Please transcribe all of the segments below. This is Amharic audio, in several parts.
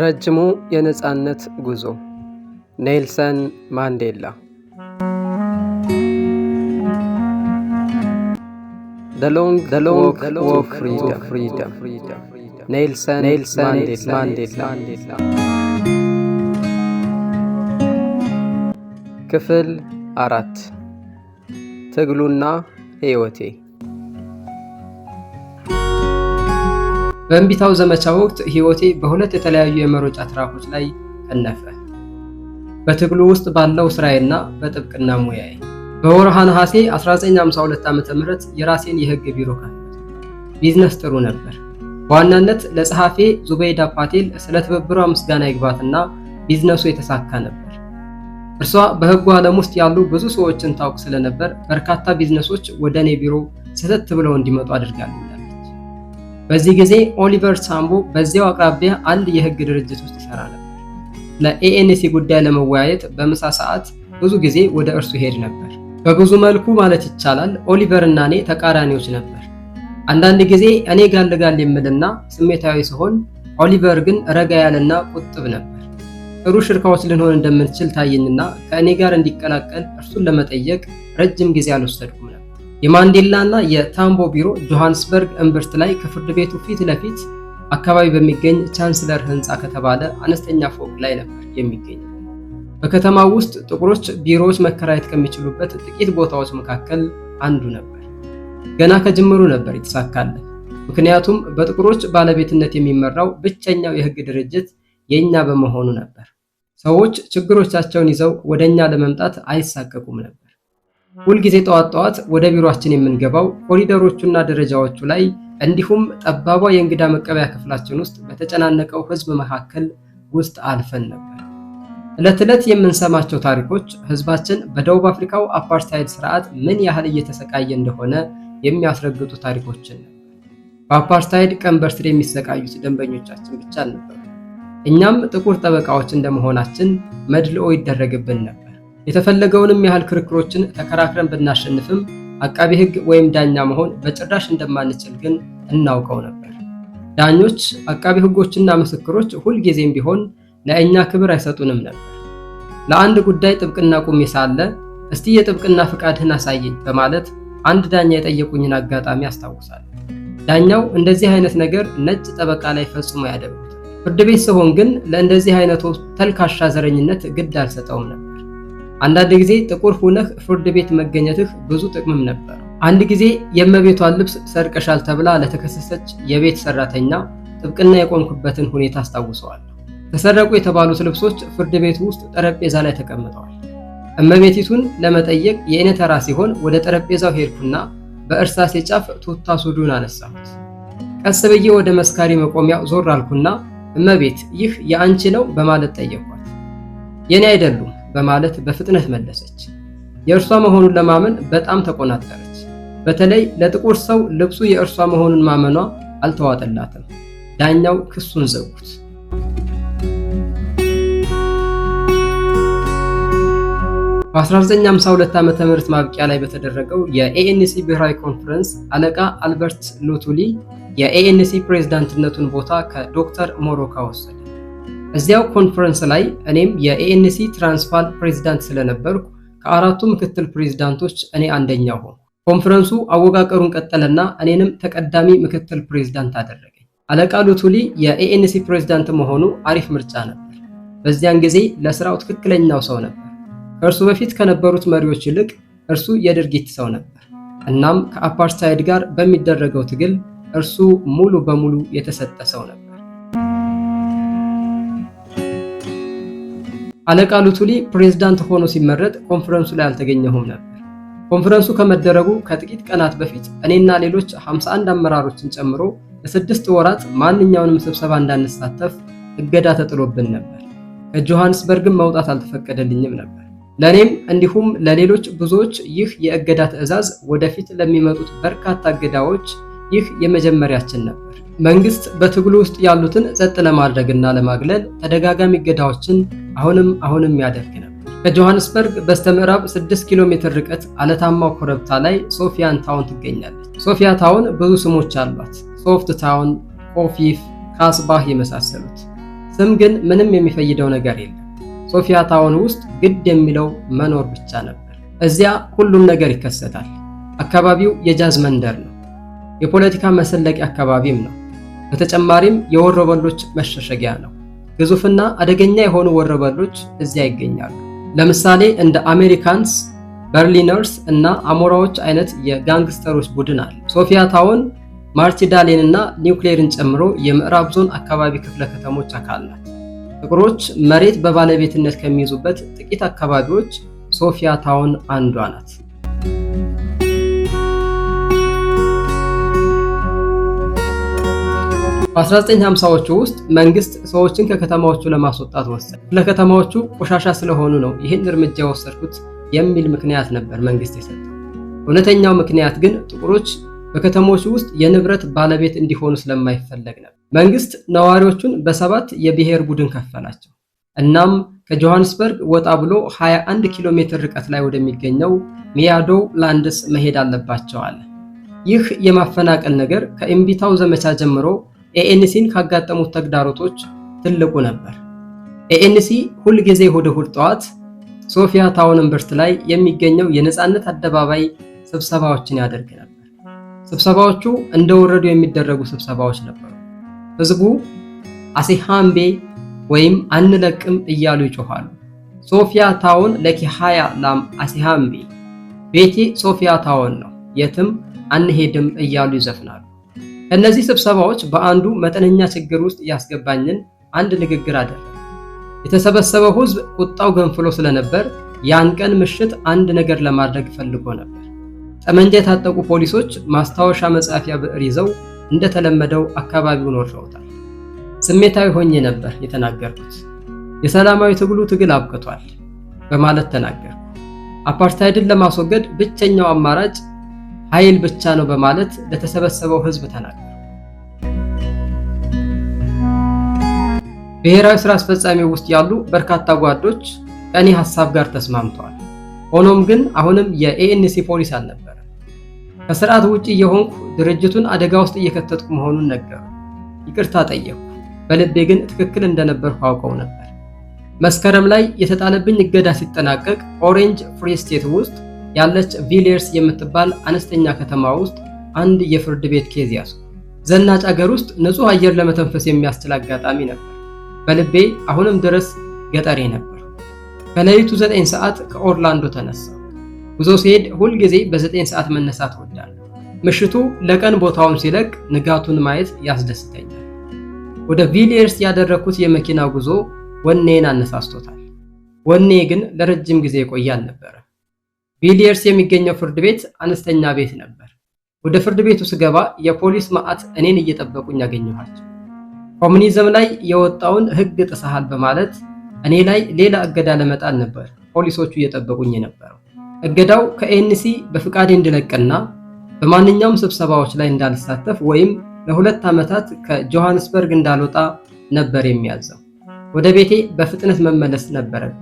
ረጅሙ የነፃነት ጉዞ ኔልሰን ማንዴላ። ዘ ሎንግ ዎክ ቱ ፍሪደም ኔልሰን ማንዴላ ክፍል አራት ትግሉና ህይወቴ በእንቢታው ዘመቻ ወቅት ህይወቴ በሁለት የተለያዩ የመሮጫ ትራኮች ላይ ከነፈ። በትግሉ ውስጥ ባለው ስራዬና በጥብቅና ሙያዬ በወርሃ ነሐሴ 1952 ም የራሴን የህግ ቢሮ ካለ ቢዝነስ ጥሩ ነበር። በዋናነት ለጸሐፌ ዙበይዳ ፓቴል ስለ ትብብሯ ምስጋና ይግባትና ቢዝነሱ የተሳካ ነበር። እርሷ በህጉ ዓለም ውስጥ ያሉ ብዙ ሰዎችን ታውቅ ስለነበር በርካታ ቢዝነሶች ወደ እኔ ቢሮ ሰተት ብለው እንዲመጡ አድርጋልኛለች። በዚህ ጊዜ ኦሊቨር ሳምቦ በዚያው አቅራቢያ አንድ የህግ ድርጅት ውስጥ ይሰራ ነበር። ለኤኤንሲ ጉዳይ ለመወያየት በምሳ ሰዓት ብዙ ጊዜ ወደ እርሱ ሄድ ነበር። በብዙ መልኩ ማለት ይቻላል ኦሊቨር እና እኔ ተቃራኒዎች ነበር። አንዳንድ ጊዜ እኔ ጋል ጋል የምልና ስሜታዊ ሲሆን፣ ኦሊቨር ግን ረጋ ያለና ቁጥብ ነበር። ጥሩ ሽርካዎች ልንሆን እንደምንችል ታየኝና ከእኔ ጋር እንዲቀላቀል እርሱን ለመጠየቅ ረጅም ጊዜ አልወሰድኩም ነበር። የማንዴላና የታምቦ ቢሮ ጆሃንስበርግ እምብርት ላይ ከፍርድ ቤቱ ፊት ለፊት አካባቢ በሚገኝ ቻንስለር ህንፃ ከተባለ አነስተኛ ፎቅ ላይ ነበር የሚገኝ። በከተማው ውስጥ ጥቁሮች ቢሮዎች መከራየት ከሚችሉበት ጥቂት ቦታዎች መካከል አንዱ ነበር። ገና ከጅምሩ ነበር የተሳካለ። ምክንያቱም በጥቁሮች ባለቤትነት የሚመራው ብቸኛው የህግ ድርጅት የእኛ በመሆኑ ነበር። ሰዎች ችግሮቻቸውን ይዘው ወደ እኛ ለመምጣት አይሳቀቁም ነበር። ሁልጊዜ ጠዋት ጠዋት ወደ ቢሮአችን የምንገባው ኮሪደሮቹና ደረጃዎቹ ላይ እንዲሁም ጠባቧ የእንግዳ መቀበያ ክፍላችን ውስጥ በተጨናነቀው ህዝብ መካከል ውስጥ አልፈን ነበር። ዕለት ዕለት የምንሰማቸው ታሪኮች ህዝባችን በደቡብ አፍሪካው አፓርታይድ ስርዓት ምን ያህል እየተሰቃየ እንደሆነ የሚያስረግጡ ታሪኮችን ነበር። በአፓርታይድ ቀንበር ስር የሚሰቃዩት ደንበኞቻችን ብቻ ነበሩ። እኛም ጥቁር ጠበቃዎች እንደመሆናችን መድልኦ ይደረግብን ነበር። የተፈለገውንም ያህል ክርክሮችን ተከራክረን ብናሸንፍም አቃቢ ሕግ ወይም ዳኛ መሆን በጭራሽ እንደማንችል ግን እናውቀው ነበር። ዳኞች፣ አቃቢ ሕጎችና ምስክሮች ሁልጊዜም ቢሆን ለእኛ ክብር አይሰጡንም ነበር። ለአንድ ጉዳይ ጥብቅና ቁሜ ሳለ እስቲ የጥብቅና ፍቃድህን አሳየኝ በማለት አንድ ዳኛ የጠየቁኝን አጋጣሚ አስታውሳል። ዳኛው እንደዚህ አይነት ነገር ነጭ ጠበቃ ላይ ፈጽሞ ያደርጉት፣ ፍርድ ቤት ስሆን ግን ለእንደዚህ አይነቱ ተልካሻ ዘረኝነት ግድ አልሰጠውም ነበር። አንዳንድ ጊዜ ጥቁር ሁነህ ፍርድ ቤት መገኘትህ ብዙ ጥቅምም ነበር። አንድ ጊዜ የእመቤቷን ልብስ ሰርቀሻል ተብላ ለተከሰሰች የቤት ሰራተኛ ጥብቅና የቆምኩበትን ሁኔታ አስታውሰዋል። ተሰረቁ የተባሉት ልብሶች ፍርድ ቤቱ ውስጥ ጠረጴዛ ላይ ተቀምጠዋል። እመቤቲቱን ለመጠየቅ የእኔ ተራ ሲሆን ወደ ጠረጴዛው ሄድኩና በእርሳሴ ጫፍ ቱታ ሱዱን አነሳሁት። ቀስ ብዬ ወደ መስካሪ መቆሚያ ዞር አልኩና እመቤት ይህ የአንቺ ነው በማለት ጠየኳት። የእኔ አይደሉም በማለት በፍጥነት መለሰች። የእርሷ መሆኑን ለማመን በጣም ተቆናጠረች። በተለይ ለጥቁር ሰው ልብሱ የእርሷ መሆኑን ማመኗ አልተዋጠላትም። ዳኛው ክሱን ዘጉት። በ1952 ዓ ም ማብቂያ ላይ በተደረገው የኤኤንሲ ብሔራዊ ኮንፈረንስ አለቃ አልበርት ሉቱሊ የኤኤንሲ ፕሬዝዳንትነቱን ቦታ ከዶክተር ሞሮካ ወሰደ። እዚያው ኮንፈረንስ ላይ እኔም የኤኤንሲ ትራንስፋል ፕሬዝዳንት ስለነበርኩ ከአራቱ ምክትል ፕሬዝዳንቶች እኔ አንደኛው ሆንኩ። ኮንፈረንሱ አወቃቀሩን ቀጠለና እኔንም ተቀዳሚ ምክትል ፕሬዝዳንት አደረገኝ። አለቃ ሉቱሊ የኤኤንሲ ፕሬዝዳንት መሆኑ አሪፍ ምርጫ ነበር። በዚያን ጊዜ ለስራው ትክክለኛው ሰው ነበር። ከእርሱ በፊት ከነበሩት መሪዎች ይልቅ እርሱ የድርጊት ሰው ነበር። እናም ከአፓርታይድ ጋር በሚደረገው ትግል እርሱ ሙሉ በሙሉ የተሰጠ ሰው ነበር። አለቃ ሉቱሊ ፕሬዝዳንት ሆኖ ሲመረጥ ኮንፈረንሱ ላይ አልተገኘሁም ነበር። ኮንፈረንሱ ከመደረጉ ከጥቂት ቀናት በፊት እኔና ሌሎች 51 አመራሮችን ጨምሮ ለስድስት ወራት ማንኛውንም ስብሰባ እንዳንሳተፍ እገዳ ተጥሎብን ነበር። ከጆሃንስበርግም መውጣት አልተፈቀደልኝም ነበር። ለእኔም እንዲሁም ለሌሎች ብዙዎች ይህ የእገዳ ትዕዛዝ ወደፊት ለሚመጡት በርካታ እገዳዎች ይህ የመጀመሪያችን ነበር። መንግስት በትግሉ ውስጥ ያሉትን ጸጥ ለማድረግና ለማግለል ተደጋጋሚ እገዳዎችን አሁንም አሁንም ያደርግ ነበር። ከጆሃንስበርግ በስተምዕራብ 6 ኪሎ ሜትር ርቀት አለታማው ኮረብታ ላይ ሶፊያን ታውን ትገኛለች። ሶፊያ ታውን ብዙ ስሞች አሏት፤ ሶፍት ታውን፣ ኮፊፍ፣ ካስባህ የመሳሰሉት። ስም ግን ምንም የሚፈይደው ነገር የለም። ሶፊያ ታውን ውስጥ ግድ የሚለው መኖር ብቻ ነበር። እዚያ ሁሉም ነገር ይከሰታል። አካባቢው የጃዝ መንደር ነው። የፖለቲካ መሰለቂያ አካባቢም ነው። በተጨማሪም የወረበሎች መሸሸጊያ ነው። ግዙፍና አደገኛ የሆኑ ወረበሎች እዚያ ይገኛሉ። ለምሳሌ እንደ አሜሪካንስ፣ በርሊነርስ እና አሞራዎች አይነት የጋንግስተሮች ቡድን አለ። ሶፊያ ታውን ማርቺዳሌንና ኒውክሌርን ጨምሮ የምዕራብ ዞን አካባቢ ክፍለ ከተሞች አካል ናት። ጥቁሮች መሬት በባለቤትነት ከሚይዙበት ጥቂት አካባቢዎች ሶፊያ ታውን አንዷ ናት። በ1950ዎቹ ውስጥ መንግስት ሰዎችን ከከተማዎቹ ለማስወጣት ወሰነ። ለከተማዎቹ ቆሻሻ ስለሆኑ ነው ይህን እርምጃ ወሰድኩት የሚል ምክንያት ነበር መንግስት የሰጠው። እውነተኛው ምክንያት ግን ጥቁሮች በከተሞች ውስጥ የንብረት ባለቤት እንዲሆኑ ስለማይፈለግ ነበር። መንግስት ነዋሪዎቹን በሰባት የብሔር ቡድን ከፈላቸው። እናም ከጆሃንስበርግ ወጣ ብሎ 21 ኪሎ ሜትር ርቀት ላይ ወደሚገኘው ሚያዶ ላንድስ መሄድ አለባቸው አለ። ይህ የማፈናቀል ነገር ከእምቢታው ዘመቻ ጀምሮ ኤኤንሲን ካጋጠሙት ተግዳሮቶች ትልቁ ነበር። ኤኤንሲ ሁልጊዜ እሁድ እሁድ ጠዋት ሶፊያ ታውንበርት ላይ የሚገኘው የነፃነት አደባባይ ስብሰባዎችን ያደርግ ነበር። ስብሰባዎቹ እንደወረዱ የሚደረጉ ስብሰባዎች ነበሩ። ህዝቡ አሴሃምቤ ወይም አንለቅም እያሉ ይጮኋሉ። ሶፊያ ታውን ለኪሃያ ላም አሴሃምቤ፣ ቤቴ ሶፊያ ታውን ነው፣ የትም አንሄድም እያሉ ይዘፍናሉ። ከእነዚህ ስብሰባዎች በአንዱ መጠነኛ ችግር ውስጥ ያስገባኝን አንድ ንግግር አደረ። የተሰበሰበው ህዝብ ቁጣው ገንፍሎ ስለነበር ያን ቀን ምሽት አንድ ነገር ለማድረግ ፈልጎ ነበር። ጠመንጃ የታጠቁ ፖሊሶች ማስታወሻ መጻፊያ ብዕር ይዘው እንደተለመደው አካባቢውን ወርፈውታል። ስሜታዊ ሆኜ ነበር የተናገርኩት። የሰላማዊ ትግሉ ትግል አብቅቷል በማለት ተናገርኩ። አፓርታይድን ለማስወገድ ብቸኛው አማራጭ ኃይል ብቻ ነው በማለት ለተሰበሰበው ሕዝብ ተናገሩ። ብሔራዊ ስራ አስፈጻሚ ውስጥ ያሉ በርካታ ጓዶች ከእኔ ሀሳብ ጋር ተስማምተዋል። ሆኖም ግን አሁንም የኤኤንሲ ፖሊስ አልነበር። ከስርዓት ውጭ እየሆንኩ ድርጅቱን አደጋ ውስጥ እየከተትኩ መሆኑን ነገሩ። ይቅርታ ጠየቁ። በልቤ ግን ትክክል እንደነበርኩ አውቀው ነበር። መስከረም ላይ የተጣለብኝ እገዳ ሲጠናቀቅ ኦሬንጅ ፍሪ ስቴት ውስጥ ያለች ቪሌርስ የምትባል አነስተኛ ከተማ ውስጥ አንድ የፍርድ ቤት ኬዝ ያሱ። ዘናጭ አገር ውስጥ ንጹህ አየር ለመተንፈስ የሚያስችል አጋጣሚ ነበር። በልቤ አሁንም ድረስ ገጠሬ ነበር። ከሌሊቱ ዘጠኝ ሰዓት ከኦርላንዶ ተነሳ። ጉዞ ሲሄድ ሁልጊዜ በዘጠኝ ሰዓት መነሳት እወዳለሁ። ምሽቱ ለቀን ቦታውን ሲለቅ ንጋቱን ማየት ያስደስተኛል። ወደ ቪሊየርስ ያደረግኩት የመኪና ጉዞ ወኔን አነሳስቶታል። ወኔ ግን ለረጅም ጊዜ የቆየ አልነበረ። ቪሊየርስ የሚገኘው ፍርድ ቤት አነስተኛ ቤት ነበር። ወደ ፍርድ ቤቱ ስገባ የፖሊስ ማዕት እኔን እየጠበቁኝ ያገኘኋቸው። ኮሙኒዝም ላይ የወጣውን ሕግ ጥሰሃል በማለት እኔ ላይ ሌላ እገዳ ለመጣል ነበር ፖሊሶቹ እየጠበቁኝ የነበረው። እገዳው ከኤንሲ በፍቃዴ እንድለቅና በማንኛውም ስብሰባዎች ላይ እንዳልሳተፍ ወይም ለሁለት ዓመታት ከጆሃንስበርግ እንዳልወጣ ነበር የሚያዘው። ወደ ቤቴ በፍጥነት መመለስ ነበረብኝ።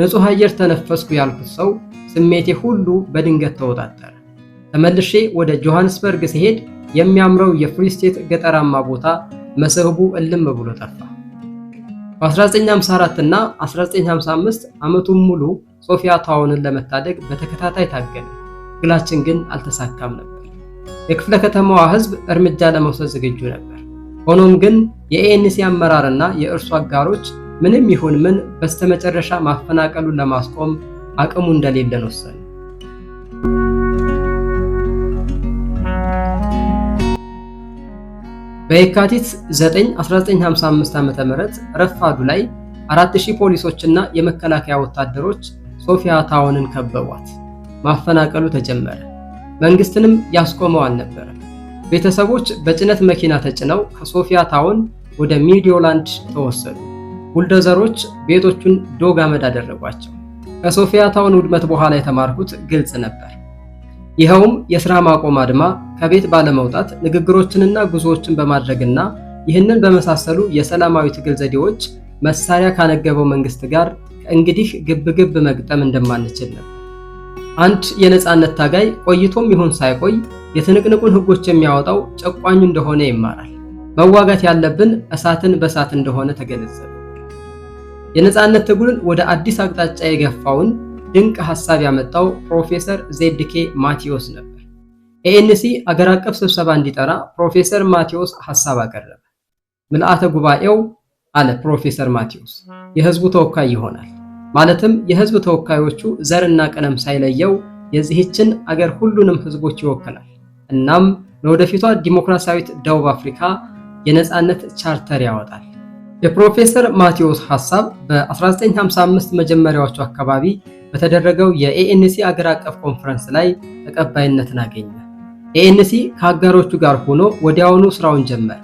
ንጹሕ አየር ተነፈስኩ ያልኩት ሰው ስሜቴ ሁሉ በድንገት ተወጣጠረ። ተመልሼ ወደ ጆሃንስበርግ ሲሄድ የሚያምረው የፍሪ ስቴት ገጠራማ ቦታ መስህቡ እልም ብሎ ጠፋ። በ1954 እና 1955 ዓመቱን ሙሉ ሶፊያ ታውንን ለመታደግ በተከታታይ ታገለ። ግላችን ግን አልተሳካም ነበር። የክፍለ ከተማዋ ህዝብ እርምጃ ለመውሰድ ዝግጁ ነበር። ሆኖም ግን የኤንሲ አመራርና የእርሱ አጋሮች ምንም ይሁን ምን በስተመጨረሻ ማፈናቀሉን ለማስቆም አቅሙ እንደሌለን ወሰኑ። በየካቲት 9 1955 ዓ.ም ረፋዱ ላይ 4000 ፖሊሶችና የመከላከያ ወታደሮች ሶፊያ ታውንን ከበቧት። ማፈናቀሉ ተጀመረ። መንግስትንም ያስቆመው አልነበረም። ቤተሰቦች በጭነት መኪና ተጭነው ከሶፊያ ታውን ወደ ሚዲዮላንድ ተወሰዱ። ቡልደዘሮች ቤቶቹን ዶግ አመድ አደረጓቸው። ከሶፊያ ታውን ውድመት በኋላ የተማርኩት ግልጽ ነበር። ይኸውም የሥራ ማቆም አድማ ከቤት ባለመውጣት ንግግሮችንና ጉዞዎችን በማድረግና ይህንን በመሳሰሉ የሰላማዊ ትግል ዘዴዎች መሳሪያ ካነገበው መንግስት ጋር እንግዲህ ግብግብ መግጠም እንደማንችል ነበር። አንድ የነፃነት ታጋይ ቆይቶም ይሁን ሳይቆይ የትንቅንቁን ህጎች የሚያወጣው ጨቋኙ እንደሆነ ይማራል። መዋጋት ያለብን እሳትን በእሳት እንደሆነ ተገነዘበ። የነፃነት ትግሉን ወደ አዲስ አቅጣጫ የገፋውን ድንቅ ሐሳብ ያመጣው ፕሮፌሰር ዜድኬ ማቴዎስ ነበር። ኤኤንሲ አገር አቀፍ ስብሰባ እንዲጠራ ፕሮፌሰር ማቴዎስ ሐሳብ አቀረበ። ምልአተ ጉባኤው አለ ፕሮፌሰር ማቴዎስ። የህዝቡ ተወካይ ይሆናል። ማለትም የህዝብ ተወካዮቹ ዘርና ቀለም ሳይለየው የዚህችን አገር ሁሉንም ህዝቦች ይወክላል። እናም ለወደፊቷ ዲሞክራሲያዊት ደቡብ አፍሪካ የነፃነት ቻርተር ያወጣል። የፕሮፌሰር ማቴዎስ ሐሳብ በ1955 መጀመሪያዎቹ አካባቢ በተደረገው የኤኤንሲ አገር አቀፍ ኮንፈረንስ ላይ ተቀባይነትን አገኘ። ኤኤንሲ ከአጋሮቹ ጋር ሆኖ ወዲያውኑ ስራውን ጀመረ።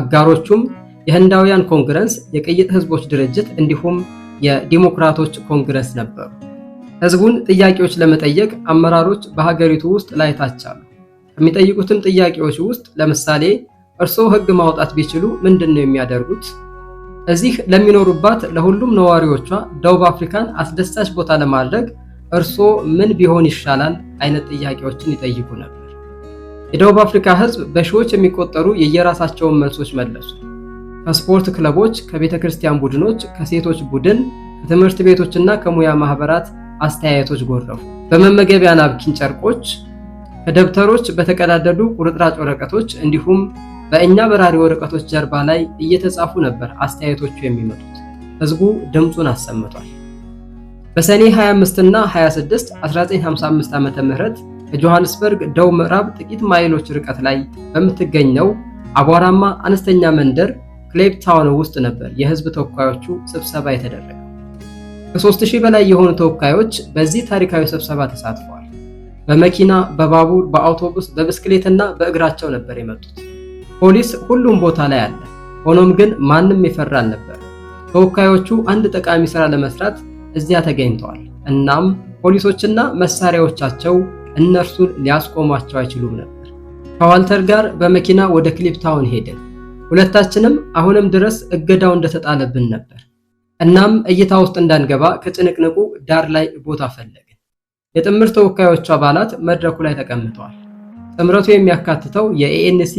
አጋሮቹም የህንዳውያን ኮንግረስ፣ የቅይጥ ህዝቦች ድርጅት እንዲሁም የዲሞክራቶች ኮንግረስ ነበሩ። ህዝቡን ጥያቄዎች ለመጠየቅ አመራሮች በሀገሪቱ ውስጥ ላይታቻሉ። ከሚጠይቁትም ጥያቄዎች ውስጥ ለምሳሌ እርስዎ ህግ ማውጣት ቢችሉ ምንድን ነው የሚያደርጉት? እዚህ ለሚኖሩባት ለሁሉም ነዋሪዎቿ ደቡብ አፍሪካን አስደሳች ቦታ ለማድረግ እርስዎ ምን ቢሆን ይሻላል አይነት ጥያቄዎችን ይጠይቁ ነበር። የደቡብ አፍሪካ ህዝብ በሺዎች የሚቆጠሩ የየራሳቸውን መልሶች መለሱ። ከስፖርት ክለቦች፣ ከቤተ ክርስቲያን ቡድኖች፣ ከሴቶች ቡድን፣ ከትምህርት ቤቶችና ከሙያ ማህበራት አስተያየቶች ጎረፉ። በመመገቢያ ናብኪን ጨርቆች፣ ከደብተሮች በተቀዳደዱ ቁርጥራጭ ወረቀቶች እንዲሁም በእኛ በራሪ ወረቀቶች ጀርባ ላይ እየተጻፉ ነበር አስተያየቶቹ የሚመጡት። ህዝቡ ድምፁን አሰምቷል። በሰኔ 25 እና 26 1955 ዓ.ም ከጆሃንስበርግ ደቡብ ምዕራብ ጥቂት ማይሎች ርቀት ላይ በምትገኘው አቧራማ አነስተኛ መንደር ክሌፕ ታውን ውስጥ ነበር የህዝብ ተወካዮቹ ስብሰባ የተደረገ። ከሦስት ሺህ በላይ የሆኑ ተወካዮች በዚህ ታሪካዊ ስብሰባ ተሳትፈዋል። በመኪና፣ በባቡር፣ በአውቶቡስ፣ በብስክሌትና በእግራቸው ነበር የመጡት። ፖሊስ ሁሉም ቦታ ላይ አለ። ሆኖም ግን ማንም ይፈራል ነበር። ተወካዮቹ አንድ ጠቃሚ ስራ ለመስራት እዚያ ተገኝተዋል። እናም ፖሊሶችና መሳሪያዎቻቸው እነርሱን ሊያስቆሟቸው አይችሉም ነበር። ከዋልተር ጋር በመኪና ወደ ክሊፕታውን ሄድን። ሁለታችንም አሁንም ድረስ እገዳው እንደተጣለብን ነበር። እናም እይታ ውስጥ እንዳንገባ ከጭንቅንቁ ዳር ላይ ቦታ ፈለግን። የጥምር ተወካዮቹ አባላት መድረኩ ላይ ተቀምጠዋል። ጥምረቱ የሚያካትተው የኤኤንሲ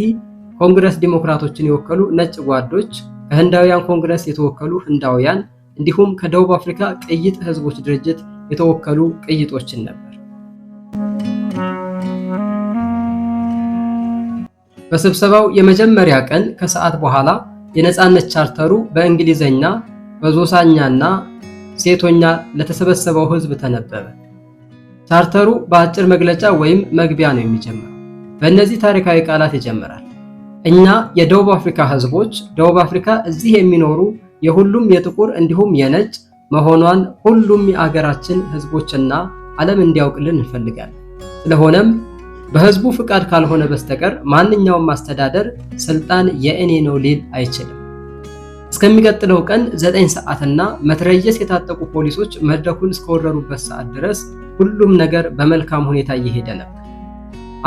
ኮንግረስ ዲሞክራቶችን የወከሉ ነጭ ጓዶች፣ ከህንዳውያን ኮንግረስ የተወከሉ ህንዳውያን እንዲሁም ከደቡብ አፍሪካ ቅይጥ ህዝቦች ድርጅት የተወከሉ ቅይጦችን ነበር። በስብሰባው የመጀመሪያ ቀን ከሰዓት በኋላ የነፃነት ቻርተሩ በእንግሊዘኛ በዞሳኛና ሴቶኛ ለተሰበሰበው ህዝብ ተነበበ። ቻርተሩ በአጭር መግለጫ ወይም መግቢያ ነው የሚጀምረው። በእነዚህ ታሪካዊ ቃላት ይጀምራል። እኛ የደቡብ አፍሪካ ህዝቦች ደቡብ አፍሪካ እዚህ የሚኖሩ የሁሉም የጥቁር እንዲሁም የነጭ መሆኗን ሁሉም የአገራችን ህዝቦችና ዓለም እንዲያውቅልን እንፈልጋለን። ስለሆነም በህዝቡ ፍቃድ ካልሆነ በስተቀር ማንኛውም አስተዳደር ስልጣን የእኔ ነው ሊል አይችልም። እስከሚቀጥለው ቀን ዘጠኝ ሰዓትና መትረየስ የታጠቁ ፖሊሶች መድረኩን እስከወረሩበት ሰዓት ድረስ ሁሉም ነገር በመልካም ሁኔታ እየሄደ ነበር።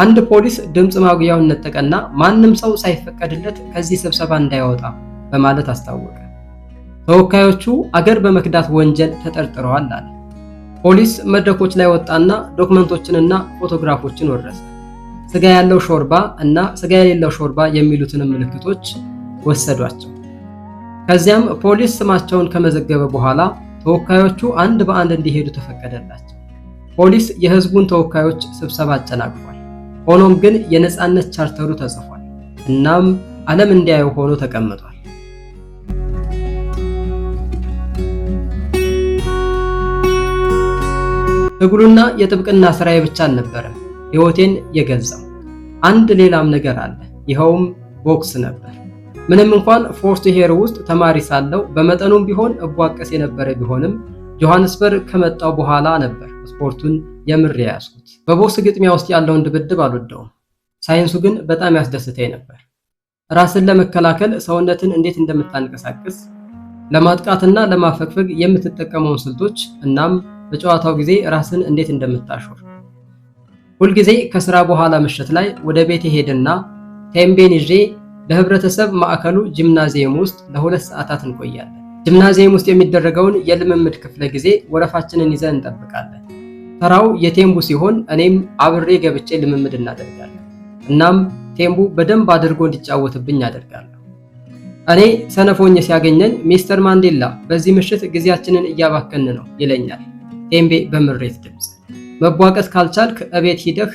አንድ ፖሊስ ድምፅ ማጉያውን ነጠቀና ማንም ሰው ሳይፈቀድለት ከዚህ ስብሰባ እንዳይወጣ በማለት አስታወቀ። ተወካዮቹ አገር በመክዳት ወንጀል ተጠርጥረዋል አለ። ፖሊስ መድረኮች ላይ ወጣና ዶክመንቶችንና ፎቶግራፎችን ወረሰ። ስጋ ያለው ሾርባ እና ስጋ የሌለው ሾርባ የሚሉትንም ምልክቶች ወሰዷቸው። ከዚያም ፖሊስ ስማቸውን ከመዘገበ በኋላ ተወካዮቹ አንድ በአንድ እንዲሄዱ ተፈቀደላቸው። ፖሊስ የህዝቡን ተወካዮች ስብሰባ አጨናግፏል። ሆኖም ግን የነፃነት ቻርተሩ ተጽፏል። እናም ዓለም እንዲያየው ሆኖ ተቀምጧል። ትግሉና የጥብቅና ስራዬ ብቻ አልነበረም ሕይወቴን የገዛው አንድ ሌላም ነገር አለ። ይኸውም ቦክስ ነበር። ምንም እንኳን ፎርስት ሄር ውስጥ ተማሪ ሳለው በመጠኑም ቢሆን እቧቀስ የነበረ ቢሆንም ጆሐንስበርግ ከመጣው በኋላ ነበር ስፖርቱን የምር የያዝኩት። በቦክስ ግጥሚያ ውስጥ ያለውን ድብድብ አልወደውም። ሳይንሱ ግን በጣም ያስደስተኝ ነበር። ራስን ለመከላከል ሰውነትን እንዴት እንደምታንቀሳቅስ ለማጥቃትና ለማፈግፈግ የምትጠቀመውን ስልቶች እናም በጨዋታው ጊዜ ራስን እንዴት እንደምታሾር ሁልጊዜ ከስራ በኋላ ምሽት ላይ ወደ ቤት ሄድና ቴምቤን ይዤ ማዕከሉ ጂምናዚየም ውስጥ ለሁለት ሰዓታት እንቆያለን። ጂምናዚየም ውስጥ የሚደረገውን የልምምድ ክፍለ ጊዜ ወረፋችንን ይዘን እንጠብቃለን። ተራው የቴምቡ ሲሆን እኔም አብሬ ገብቼ ልምምድ እናደርጋለን። እናም ቴምቡ በደንብ አድርጎ እንዲጫወትብኝ አደርጋለሁ። እኔ ሰነፎኝ ሲያገኘኝ ሚስተር ማንዴላ በዚህ ምሽት ጊዜያችንን እያባከን ነው ይለኛል ቴምቤ በምሬት ድምፅ። መቧቀስ ካልቻልክ እቤት ሂደህ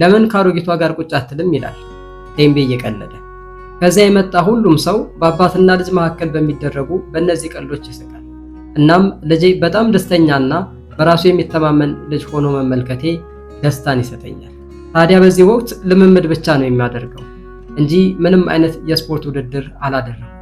ለምን ካሮጊቷ ጋር ቁጭ አትልም ይላል ዴምቤ እየቀለደ። ከዚያ የመጣ ሁሉም ሰው በአባትና ልጅ መካከል በሚደረጉ በእነዚህ ቀልዶች ይስቃል። እናም ልጄ በጣም ደስተኛና በራሱ የሚተማመን ልጅ ሆኖ መመልከቴ ደስታን ይሰጠኛል። ታዲያ በዚህ ወቅት ልምምድ ብቻ ነው የሚያደርገው እንጂ ምንም አይነት የስፖርት ውድድር አላደረም!